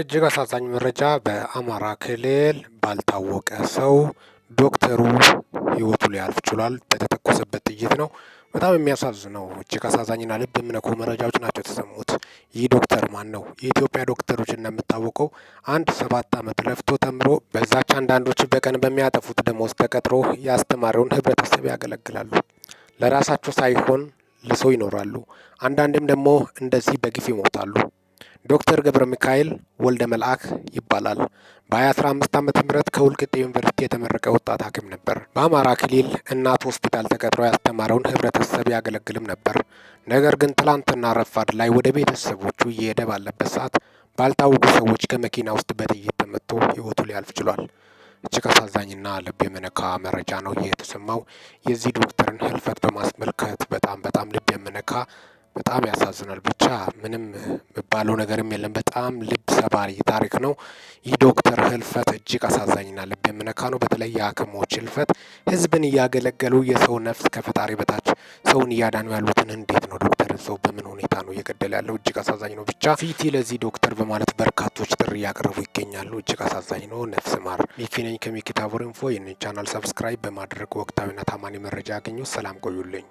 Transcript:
እጅግ አሳዛኝ መረጃ በአማራ ክልል ባልታወቀ ሰው ዶክተሩ ህይወቱ ሊያልፍ ችሏል። በተተኮሰበት ጥይት ነው። በጣም የሚያሳዝነው እጅግ አሳዛኝና ልብ የሚነኩ መረጃዎች ናቸው የተሰሙት። ይህ ዶክተር ማን ነው? የኢትዮጵያ ዶክተሮች እንደምታወቀው አንድ ሰባት ዓመት ለፍቶ ተምሮ በዛች አንዳንዶች በቀን በሚያጠፉት ደሞዝ ተቀጥሮ የአስተማሪውን ህብረተሰብ ያገለግላሉ። ለራሳቸው ሳይሆን ለሰው ይኖራሉ። አንዳንድም ደግሞ እንደዚህ በግፍ ይሞታሉ። ዶክተር ገብረ ሚካኤል ወልደ መልአክ ይባላል። በ2015 ዓመተ ምህረት ከወልቂጤ ዩኒቨርሲቲ የተመረቀ ወጣት ሐኪም ነበር። በአማራ ክልል እናት ሆስፒታል ተቀጥሮ ያስተማረውን ህብረተሰብ ያገለግልም ነበር። ነገር ግን ትላንትና ረፋድ ላይ ወደ ቤተሰቦቹ እየሄደ ባለበት ሰዓት ባልታወቁ ሰዎች ከመኪና ውስጥ በጥይት ተመቶ ህይወቱ ሊያልፍ ችሏል። እጅግ አሳዛኝና ልብ የመነካ መረጃ ነው የተሰማው የዚህ ዶክተርን ህልፈት በጣም ያሳዝናል። ብቻ ምንም የሚባለው ነገርም የለም። በጣም ልብ ሰባሪ ታሪክ ነው። ይህ ዶክተር ህልፈት እጅግ አሳዛኝና ልብ የሚነካ ነው። በተለይ የሐኪሞች ህልፈት ህዝብን እያገለገሉ የሰው ነፍስ ከፈጣሪ በታች ሰውን እያዳኑ ያሉትን እንዴት ነው ዶክተር ሰው በምን ሁኔታ ነው እየገደለ ያለው? እጅግ አሳዛኝ ነው። ብቻ ፊቲ ለዚህ ዶክተር በማለት በርካቶች ጥሪ እያቀረቡ ይገኛሉ። እጅግ አሳዛኝ ነው። ነፍስ ማር። ሚኪ ነኝ ከሚኪታቦር ኢንፎ። ይህንን ቻናል ሰብስክራይብ በማድረግ ወቅታዊና ታማኒ መረጃ ያገኙ። ሰላም ቆዩልኝ።